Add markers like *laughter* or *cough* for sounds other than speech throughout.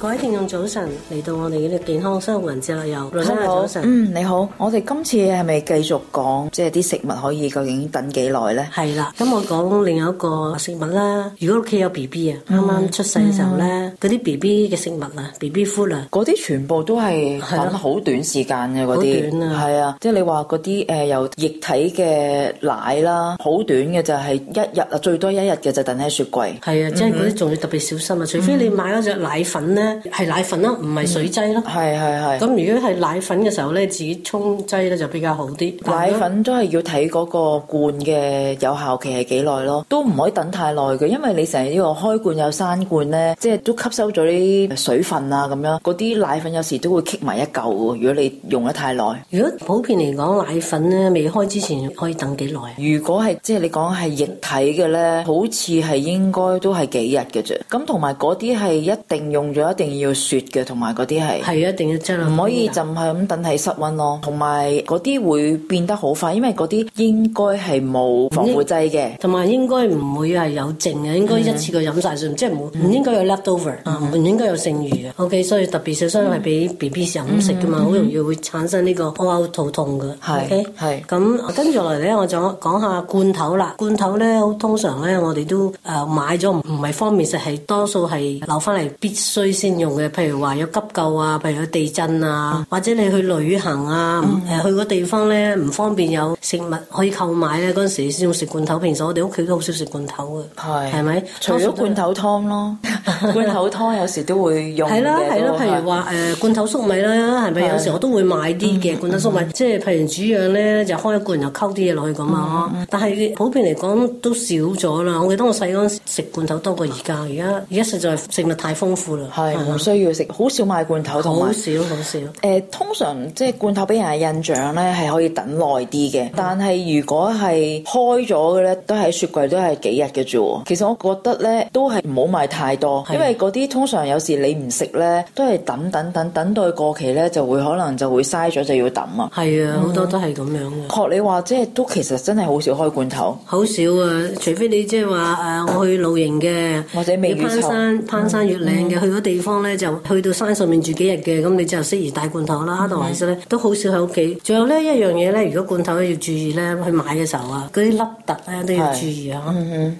各位聽眾早晨，嚟到我哋嘅健康生活云之旅又。你好婆，早晨嗯，你好，我哋今次係咪繼續講即係啲食物可以究竟等幾耐呢？係啦，咁我講另外一個食物啦。如果屋企有 B B 啊，啱啱、嗯、出世嘅時候呢，嗰啲 B B 嘅食物啊，B B food 啊，嗰啲全部都係等好短時間嘅嗰啲，是的些短啊，即係你、就是、說嗰啲、呃、有液體嘅奶啦，好短嘅就係一日啊，最多一日嘅就是等喺雪櫃。係啊的，嗯嗯即係嗰啲仲要特別小心，除非你買嗰隻奶粉呢。係奶粉咯，唔係水劑咯。係係係。咁如果係奶粉嘅時候咧，自己沖劑咧就比較好啲。奶粉都係要睇嗰個罐嘅有效期係幾耐咯，都唔可以等太耐嘅，因為你成日呢個開罐有生罐咧，即係都吸收咗啲水分啊咁樣，嗰啲奶粉有時都會棘埋一嚿喎，如果你用得太耐。如果普遍嚟講奶粉咧未開之前可以等幾耐啊？如果係即係你講係液體嘅咧，好似係應該都係幾日嘅啫。咁同埋嗰啲係一定用咗一。一定要雪嘅，同埋嗰啲係係一定要真啊，唔可以就係咁等喺室温咯。同埋嗰啲會變得好快，因為嗰啲應該係冇防腐劑嘅，同埋應該唔會係有剩嘅，應該一次過飲晒算，即係唔唔應該有 leftover，唔應該有剩餘嘅。O K，所以特別小心係俾 B B 時飲食噶嘛，好容易會產生呢個屙肚痛嘅。係係咁跟住落嚟咧，我就講下罐頭啦。罐頭咧，通常咧，我哋都誒買咗唔唔係方便食，係多數係留翻嚟必須先。用嘅，譬如話有急救啊，譬如有地震啊，嗯、或者你去旅行啊，誒、嗯呃、去個地方咧，唔方便有食物可以購買咧，嗰陣時先用食罐頭。平時我哋屋企都好少食罐頭嘅，係咪是？是是除咗罐頭湯咯。 *laughs* 罐頭湯有時都會用嘅、 *laughs* 啊，係啦、啊，係啦，譬如話誒罐頭粟米啦，係咪？是有時我都會買啲嘅罐頭粟米， *laughs* 即係譬如煮樣咧，就開一罐就溝啲嘢落去咁啊！樣 *laughs* 但係普遍嚟講都少咗啦。我記得我細嗰陣食罐頭多過而家，而家而家實在,現在就食物太豐富啦，係唔是吧需要食，好少買罐頭同埋好少，好少。誒、呃，通常即係、就是、罐頭俾人嘅印象咧，係可以等耐啲嘅。 *laughs* 但係如果係開咗嘅咧，都喺雪櫃都係幾日嘅啫。其實我覺得咧，都係唔好買太多。因為嗰啲通常有時你唔食咧，都係等等等，等待過期咧，就會可能就會嘥咗就要抌啊。係啊，好多都係咁樣。學你話即係都其實真係好少開罐頭，好少啊！除非你即係話誒，我去露營嘅，或者攀山攀山越嶺嘅，去嗰地方咧就去到山上面住幾日嘅，咁你就適宜帶罐頭啦。同埋其實咧都好少喺屋企。仲有呢一樣嘢咧，如果罐頭要注意咧，去買嘅時候啊，嗰啲凹凸咧都要注意啊。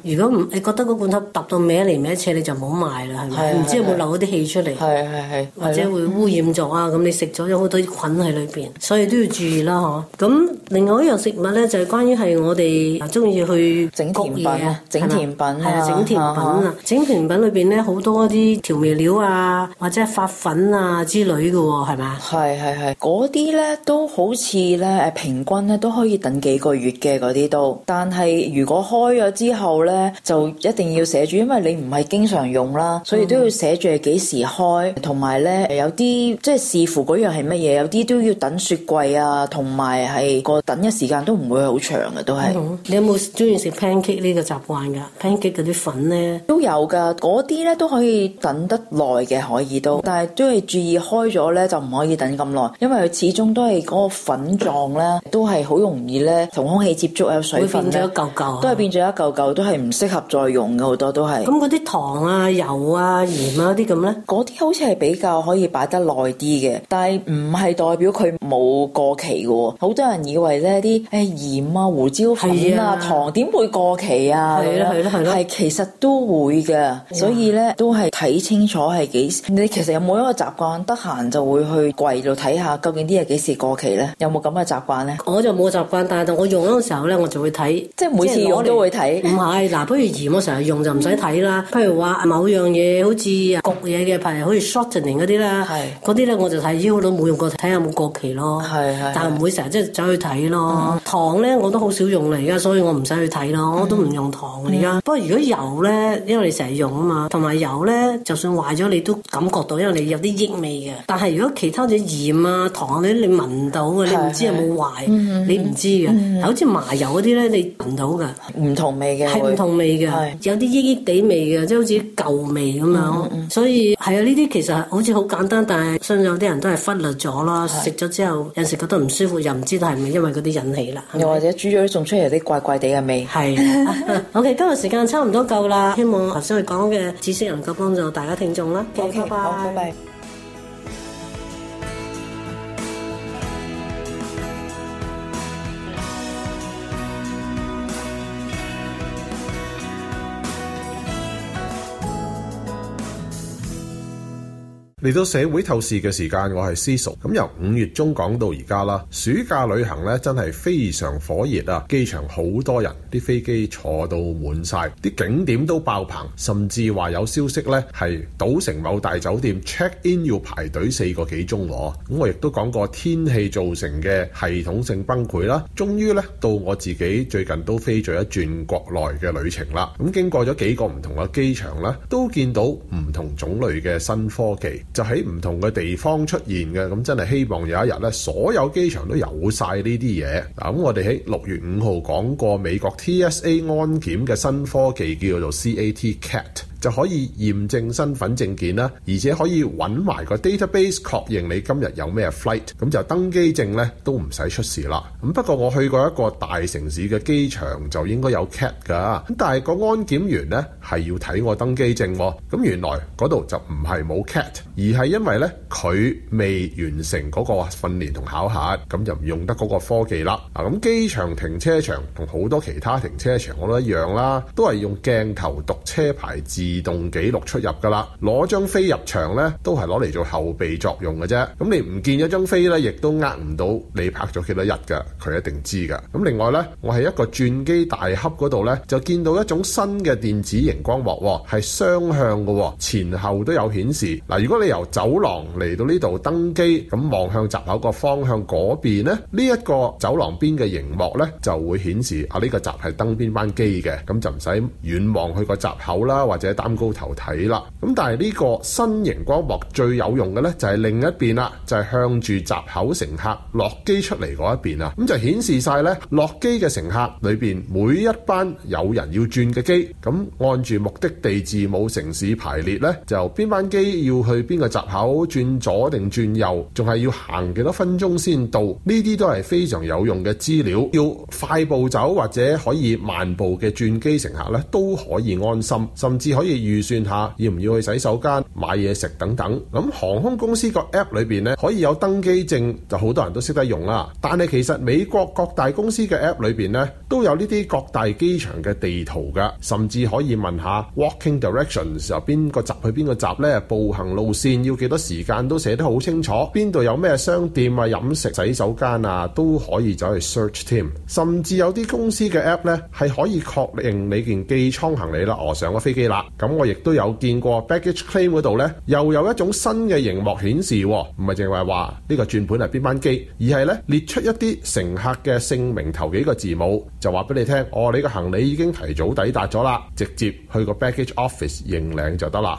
如果唔你覺得嗰罐頭凸到歪嚟歪斜，你就唔好買。埋啦，係咪？唔是的 知道有冇漏啲氣出嚟，是的 或者會污染咗啊？咁是的、嗯、你食咗有好多啲菌喺裏邊，所以都要注意啦，嗬。咁另外一樣食物咧，就係、是、關於係我哋中意去整甜品吧，整甜品吧，係啊，整甜品啊。整甜品裏邊咧，好多啲調味料啊，或者發粉啊之類嘅、哦，係咪啊？係係係，嗰啲咧都好似咧，誒，平均咧都可以等幾個月嘅嗰啲都。但係如果開咗之後咧，就一定要寫住，因為你唔係經常用。啦，所以都要寫住係幾時開，同埋咧有啲即係視乎嗰樣係乜嘢，有啲都要等雪櫃啊，同埋係個等嘅時間都唔會好長嘅。都係、嗯。你有冇中意食 pancake 呢個習慣噶？pancake 嗰啲粉咧都有噶，嗰啲咧都可以等得耐嘅，可以都，嗯、但係都係注意開咗咧就唔可以等咁耐，因為佢始終都係嗰個粉狀咧，都係好容易咧同空氣接觸有水分咧變咗一嚿嚿，都係變咗一嚿嚿，都係唔適合再用嘅好多都係。咁啲糖啊？油啊、鹽啊啲咁咧，嗰啲好似係比較可以擺得耐啲嘅，但係唔係代表佢冇過期嘅喎。好多人以為咧啲誒鹽啊、胡椒粉啊、啊糖點會過期啊？係啦、啊，係啦、啊，係啦、啊。係其實都會嘅，所以咧都係睇清楚係幾時。你其實有冇一個習慣，得閒就會去櫃度睇下，究竟啲嘢幾時過期咧？有冇咁嘅習慣咧？我就冇習慣，但係我用嗰個時候咧，我就會睇。即係每次我都會睇。唔係嗱，不如鹽，我成日用就唔使睇啦。嗯、譬如話某樣嘢好似焗嘢嘅譬如好似 shortening 嗰啲啦，嗰啲咧我就睇，因為我都冇用過，睇下有冇過期咯。係係，但係唔會成日即係走去睇咯。糖咧我都好少用啦，而家所以我唔使去睇咯，我都唔用糖而家。不過如果油咧，因為你成日用啊嘛，同埋油咧，就算壞咗你都感覺到，因為你有啲益味嘅。但係如果其他嘅鹽啊、糖啲，你聞到嘅，你唔知有冇壞，你唔知嘅。好似麻油嗰啲咧，你聞到㗎，唔同味嘅係唔同味嘅，有啲益益哋味嘅，即係好似舊味咁樣，嗯嗯嗯，所以係啊，呢啲其實好似好簡單，但係相信有啲人都係忽略咗啦。食咗的之後，有時覺得唔舒服，又唔知係咪因為嗰啲引起啦。又或者煮咗仲出嚟啲怪怪地嘅味。係，好，okay，今日時間差唔多夠啦。希望頭先佢講嘅知識能夠幫助大家聽眾啦。好，拜拜。嚟到社會透視嘅時間，我係思咁由五月中講到而家啦。暑假旅行咧，真係非常火熱啊！機場好多人，啲飛機坐到滿晒，啲景點都爆棚，甚至話有消息咧係賭城某大酒店 check in 要排隊四個幾鐘。咁我亦都講過天氣造成嘅系統性崩潰啦。終於咧，到我自己最近都飛咗一轉國內嘅旅程啦。咁經過咗幾個唔同嘅機場咧，都見到唔同種類嘅新科技。就喺唔同嘅地方出現嘅，咁真係希望有一日呢，所有機場都有晒呢啲嘢。嗱，咁我哋喺六月五號講過美國 TSA 安檢嘅新科技叫做 CAT CAT。就可以驗證身份證件啦，而且可以揾埋個 database 確認你今日有咩 flight，咁就登機證呢都唔使出示啦。咁不過我去過一個大城市嘅機場就應該有 cat 㗎。咁但係個安檢員呢，係要睇我登機證，咁原來嗰度就唔係冇 cat，而係因為呢，佢未完成嗰個訓練同考核，咁就唔用得嗰個科技啦。啊，咁機場停車場同好多其他停車場我都一樣啦，都係用鏡頭讀車牌字。自動記錄出入噶啦，攞張飛入場呢，都係攞嚟做後備作用嘅啫。咁你唔見咗張飛呢，亦都呃唔到你拍咗幾多日㗎。佢一定知噶。咁另外呢，我喺一個轉機大盒嗰度呢，就見到一種新嘅電子熒光幕，係雙向嘅，前後都有顯示。嗱，如果你由走廊嚟到呢度登機，咁望向閘口個方向嗰邊呢，呢一個走廊邊嘅熒幕呢，就會顯示啊呢個閘係登邊班機嘅，咁就唔使遠望去個閘口啦，或者。擔高頭睇啦，咁但係呢個新型光幕最有用嘅呢，就係另一邊啦，就係向住閘口乘客落機出嚟嗰一邊啊，咁就顯示晒呢，落機嘅乘客裏面，每一班有人要轉嘅機，咁按住目的地字母城市排列呢，就邊班機要去邊個閘口轉左定轉右，仲係要行幾多分鐘先到？呢啲都係非常有用嘅資料，要快步走或者可以慢步嘅轉機乘客呢，都可以安心，甚至可以。可以預算下要唔要去洗手間買嘢食等等。咁航空公司個 app 裏邊咧可以有登機證，就好多人都識得用啦、啊。但係其實美國各大公司嘅 app 裏邊咧都有呢啲各大機場嘅地圖噶，甚至可以問下 Walking Directions 由邊個閘去邊個閘咧，步行路線要幾多時間都寫得好清楚。邊度有咩商店啊、飲食、洗手間啊，都可以走去 search 添。甚至有啲公司嘅 app 咧係可以確認你件機艙行李啦，我上咗飛機啦。咁我亦都有見過 baggage claim 嗰度咧，又有一種新嘅螢幕顯示、啊，唔係淨係話呢個轉盤係邊班機，而係咧列出一啲乘客嘅姓名頭幾個字母，就話俾你聽，哦，你個行李已經提早抵達咗啦，直接去個 baggage office 認領就得啦。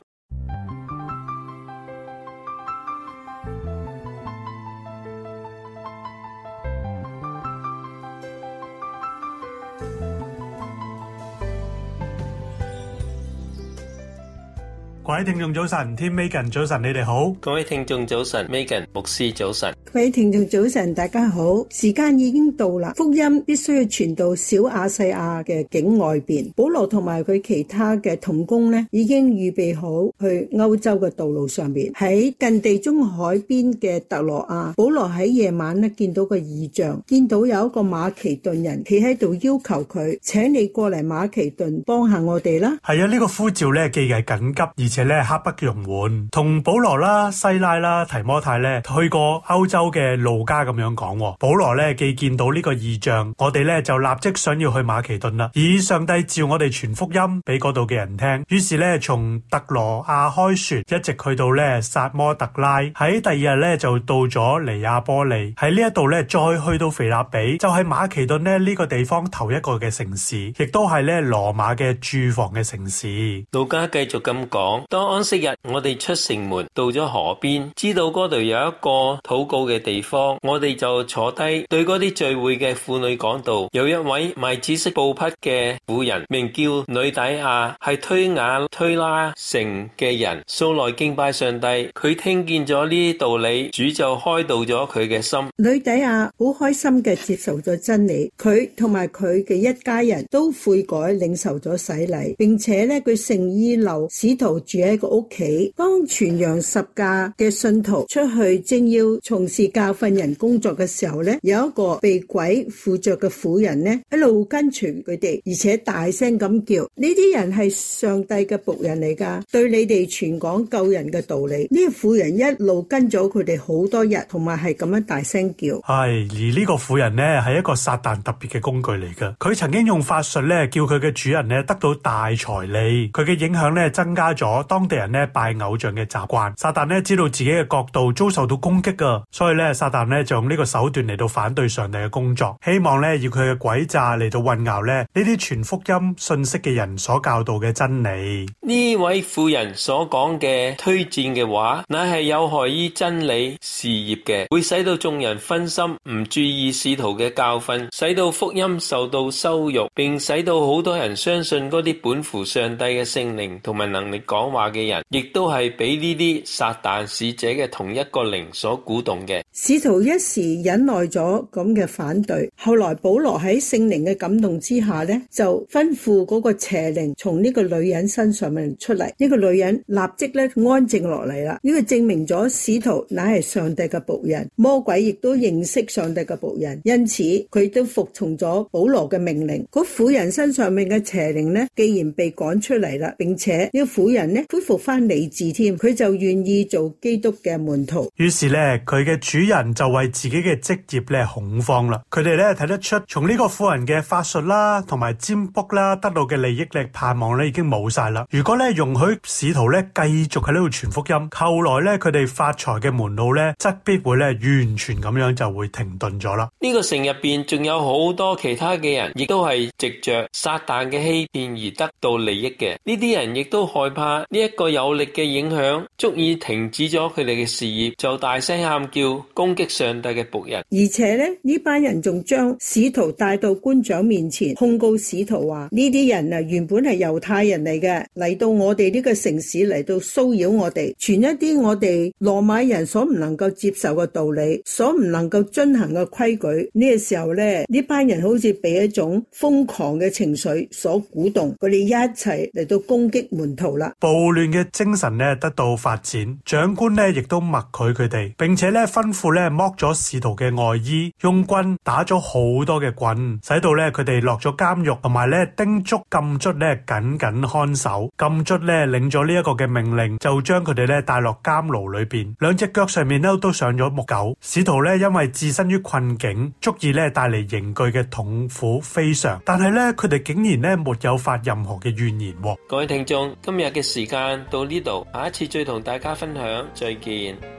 各位聽眾早晨，天 Megan 早晨，你哋好。各位聽眾早晨，Megan 牧師早晨。各位聽眾早晨，大家好。時間已經到啦，福音必須要傳到小亞細亞嘅境外邊。保羅同埋佢其他嘅同工咧，已經預備好去歐洲嘅道路上邊。喺近地中海邊嘅特洛亞，保羅喺夜晚咧見到個異象，見到有一個馬其頓人企喺度要求佢，請你過嚟馬其頓幫下我哋啦。係啊，呢個呼召咧，既係緊急，而且。咧，刻不容緩，同保羅啦、西拉啦、提摩太咧去過歐洲嘅路加咁樣講，保羅咧既見到呢個異象，我哋咧就立即想要去馬其頓啦，以上帝召我哋傳福音俾嗰度嘅人聽。於是咧從特羅亞開船，一直去到咧薩摩特拉，喺第二日咧就到咗尼亞波利，喺呢一度咧再去到腓立比，就係馬其頓咧呢個地方頭一個嘅城市，亦都係咧羅馬嘅住房嘅城市。路加繼續咁講。當安息日，我哋出城門到咗河邊，知道嗰度有一個禱告嘅地方，我哋就坐低對嗰啲聚會嘅婦女講道。有一位賣紫色布匹嘅婦人，名叫女底亞，係推雅推拉城嘅人，素來敬拜上帝。佢聽見咗呢啲道理，主就開導咗佢嘅心。女底亞好開心嘅接受咗真理，佢同埋佢嘅一家人都悔改領受咗洗禮，並且呢佢誠意留使徒住。嘅一個屋企，當傳揚十架嘅信徒出去，正要從事教訓人工作嘅時候咧，有一個被鬼附着嘅婦人咧一路跟隨佢哋，而且大聲咁叫：呢啲人係上帝嘅僕人嚟噶，對你哋傳講救人嘅道理。呢個婦人一路跟咗佢哋好多日，同埋係咁樣大聲叫。係而呢個婦人咧係一個撒但特別嘅工具嚟噶，佢曾經用法術咧叫佢嘅主人咧得到大財利，佢嘅影響咧增加咗。當地人咧拜偶像嘅習慣，撒旦咧知道自己嘅國度遭受到攻擊噶，所以咧撒旦咧就用呢個手段嚟到反對上帝嘅工作，希望咧以佢嘅詭詐嚟到混淆咧呢啲傳福音信息嘅人所教導嘅真理。呢位婦人所講嘅推薦嘅話，乃係有害於真理事業嘅，會使到眾人分心，唔注意仕途嘅教訓，使到福音受到羞辱，並使到好多人相信嗰啲本乎上帝嘅聖靈同埋能力講話嘅人，亦都係俾呢啲撒旦使者嘅同一個靈所鼓動嘅。使徒一時忍耐咗咁嘅反對，後來保羅喺聖靈嘅感動之下呢，就吩咐嗰個邪靈從呢個女人身上面出嚟。呢個女人立即咧安靜落嚟啦。呢個證明咗使徒乃係上帝嘅僕人，魔鬼亦都認識上帝嘅僕人，因此佢都服從咗保羅嘅命令。嗰婦人身上面嘅邪靈呢，既然被趕出嚟啦，並且個婦呢個婦人咧。恢復翻理智添，佢就願意做基督嘅門徒。於是咧，佢嘅主人就為自己嘅職業咧恐慌啦。佢哋咧睇得出，從呢個婦人嘅法術啦，同埋占卜啦，得到嘅利益力盼望咧已經冇晒啦。如果咧容許使徒咧繼續喺呢度傳福音，後來咧佢哋發財嘅門路咧則必會咧完全咁樣就會停頓咗啦。呢個城入邊仲有好多其他嘅人，亦都係藉着撒旦嘅欺騙而得到利益嘅。呢啲人亦都害怕。呢一個有力嘅影響，足以停止咗佢哋嘅事業，就大聲喊叫攻擊上帝嘅僕人。而且呢，呢班人仲將使徒帶到官長面前控告使徒話：呢啲人啊，原本係猶太人嚟嘅，嚟到我哋呢個城市嚟到騷擾我哋，傳一啲我哋羅馬人所唔能夠接受嘅道理，所唔能夠遵行嘅規矩。呢個時候咧，呢班人好似俾一種瘋狂嘅情緒所鼓動，佢哋一齊嚟到攻擊門徒啦，暴亂嘅精神咧得到發展，長官咧亦都默許佢哋，並且咧吩咐咧剝咗使徒嘅外衣，用棍打咗好多嘅棍，使到咧佢哋落咗監獄，同埋咧叮囑禁卒咧緊緊看守。禁卒咧領咗呢一個嘅命令，就將佢哋咧帶落監牢裏邊，兩隻腳上面咧都上咗木狗。使徒咧因為置身於困境，足以咧帶嚟刑具嘅痛苦非常，但係咧佢哋竟然咧沒有發任何嘅怨言。各位聽眾，今日嘅事。到呢度，下一次再同大家分享，再見。